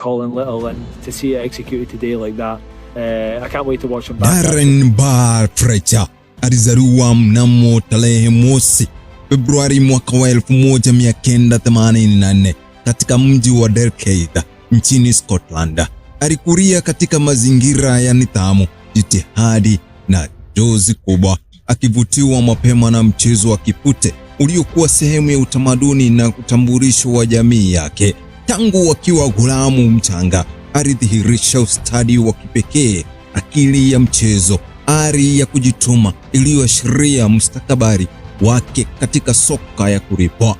Colin Little, and to see it executed today like that, uh, I can't wait to watch him back. Darren Bar Fletcher alizaliwa mnamo tarehe mosi Februari mwaka wa 1984 katika mji wa Derkheide nchini Scotland. Alikulia katika mazingira ya nidhamu, jitihadi na jozi kubwa, akivutiwa mapema na mchezo wa kipute uliokuwa sehemu ya utamaduni na utambulisho wa jamii yake tangu wakiwa ghulamu mchanga. Alidhihirisha ustadi wa kipekee, akili ya mchezo, ari ya kujituma iliyoashiria mustakabali wake katika soka ya kulipwa.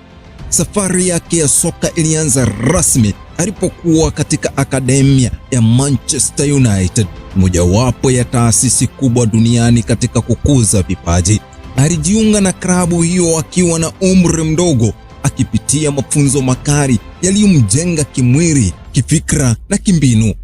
Safari yake ya soka ilianza rasmi alipokuwa katika akademia ya Manchester United, mojawapo ya taasisi kubwa duniani katika kukuza vipaji. Alijiunga na klabu hiyo akiwa na umri mdogo akipitia mafunzo makali yaliyomjenga kimwili, kifikra na kimbinu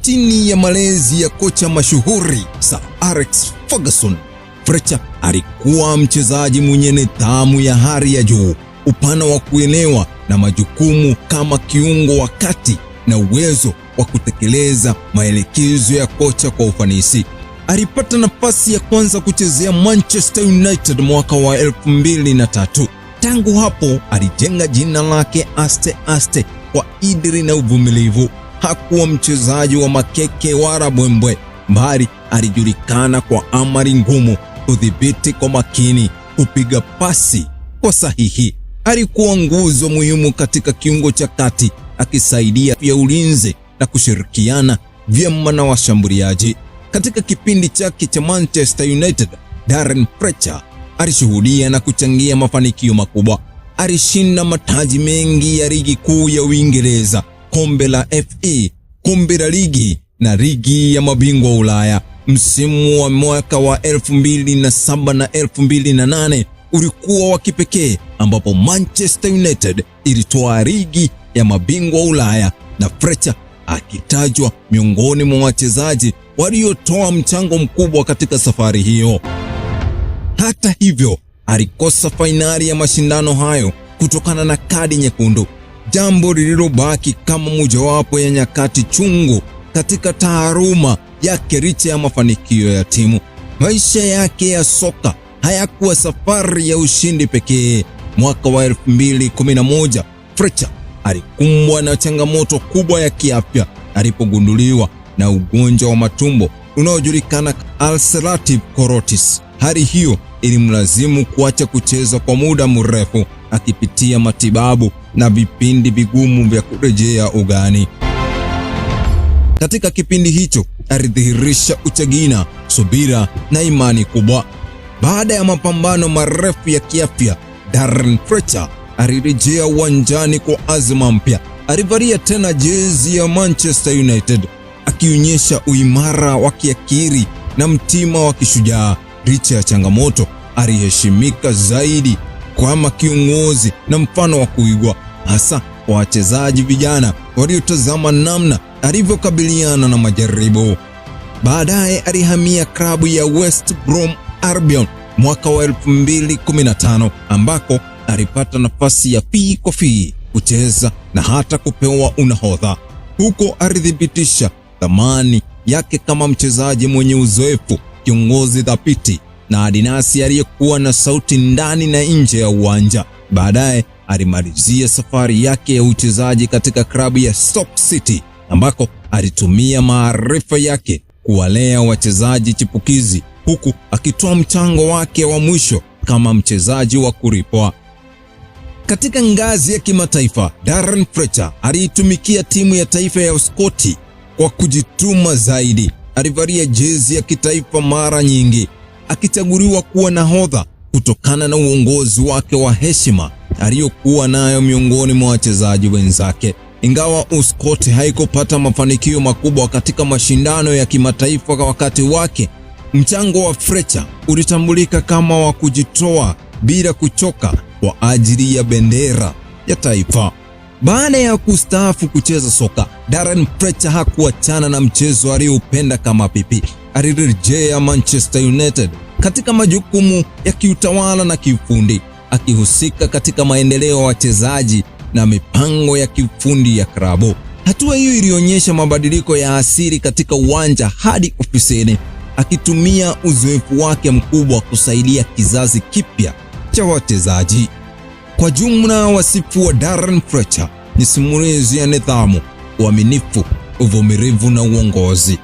chini ya malezi ya kocha mashuhuri Sir Alex Ferguson. Fletcher alikuwa mchezaji mwenye nidhamu ya hali ya juu, upana wa kuelewa na majukumu kama kiungo wa kati na uwezo wa kutekeleza maelekezo ya kocha kwa ufanisi. Alipata nafasi ya kwanza kuchezea Manchester United mwaka wa 2003 Tangu hapo alijenga jina lake aste aste kwa idiri na uvumilivu. Hakuwa mchezaji wa makeke wala bwembwe, bali alijulikana kwa amari ngumu, kudhibiti kwa makini, kupiga pasi kwa sahihi. Alikuwa nguzo muhimu katika kiungo cha kati, akisaidia vya ulinzi na kushirikiana vyema na washambuliaji. Katika kipindi chake cha Manchester United, Darren Fletcher alishuhudia na kuchangia mafanikio makubwa. Alishinda mataji mengi ya ligi kuu ya Uingereza, kombe la FA, kombe la ligi na ligi ya mabingwa Ulaya. Msimu wa mwaka wa 2007 na 2008 ulikuwa wa kipekee ambapo Manchester United ilitoa ligi ya mabingwa Ulaya na Fletcher akitajwa miongoni mwa wachezaji waliotoa mchango mkubwa katika safari hiyo. Hata hivyo, alikosa fainali ya mashindano hayo kutokana na kadi nyekundu, jambo lililobaki kama mojawapo ya nyakati chungu katika taaruma yake licha ya mafanikio ya timu. Maisha yake ya soka hayakuwa safari ya ushindi pekee. Mwaka wa 2011 Fletcher alikumbwa na changamoto kubwa ya kiafya alipogunduliwa na ugonjwa wa matumbo unaojulikana ulcerative colitis. Hali hiyo ilimlazimu kuacha kucheza kwa muda mrefu, akipitia matibabu na vipindi vigumu vya kurejea ugani. Katika kipindi hicho alidhihirisha uchagina, subira na imani kubwa. Baada ya mapambano marefu ya kiafya, Darren Fletcher alirejea uwanjani kwa azma mpya. Alivalia tena jezi ya Manchester United, akionyesha uimara wa kiakili na mtima wa kishujaa licha ya changamoto, aliheshimika zaidi kama kiongozi na mfano wa kuigwa, hasa kwa wachezaji vijana waliotazama namna alivyokabiliana na majaribu. Baadaye alihamia klabu ya West Brom Albion mwaka wa 2015 ambako alipata nafasi ya fii kwa fii kucheza na hata kupewa unahodha. Huko alithibitisha thamani yake kama mchezaji mwenye uzoefu kiongozi thabiti na adinasi aliyekuwa na sauti ndani na nje ya uwanja. Baadaye alimalizia safari yake ya uchezaji katika klabu ya Stoke City ambako alitumia maarifa yake kuwalea wachezaji chipukizi huku akitoa mchango wake wa mwisho kama mchezaji wa kulipwa. Katika ngazi ya kimataifa, Darren Fletcher aliitumikia timu ya taifa ya Uskoti kwa kujituma zaidi alivalia jezi ya kitaifa mara nyingi, akichaguliwa kuwa nahodha kutokana na uongozi wake wa heshima aliyokuwa nayo miongoni mwa wachezaji wenzake. Ingawa Uskoti haikupata mafanikio makubwa katika mashindano ya kimataifa kwa wakati wake, mchango wa Fletcher ulitambulika kama wa kujitoa bila kuchoka kwa ajili ya bendera ya taifa. Baada ya kustaafu kucheza soka, Darren Fletcher hakuachana na mchezo aliyoupenda kama pipi. Alirejea Manchester United katika majukumu ya kiutawala na kiufundi, akihusika katika maendeleo ya wachezaji na mipango ya kiufundi ya klabu. Hatua hiyo ilionyesha mabadiliko ya asili katika uwanja hadi ofisini, akitumia uzoefu wake mkubwa kusaidia kizazi kipya cha wachezaji. Kwa jumla, wasifu wa Darren Fletcher ni simulizi ya nidhamu, uaminifu, uvumilivu na uongozi.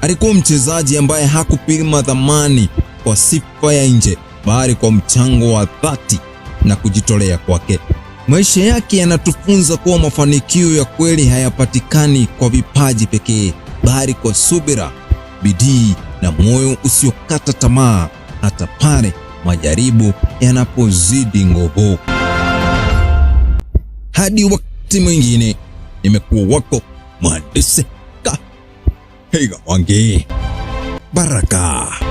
Alikuwa mchezaji ambaye hakupima thamani kwa sifa ya nje, bali kwa mchango wa dhati na kujitolea kwake. Maisha yake yanatufunza kuwa mafanikio ya kweli hayapatikani kwa vipaji pekee, bali kwa subira, bidii na moyo usiokata tamaa hata pale majaribu yanapozidi nguvu hadi wakati mwingine. Nimekuwa wako mhandisi Kahiga Wangi Baraka.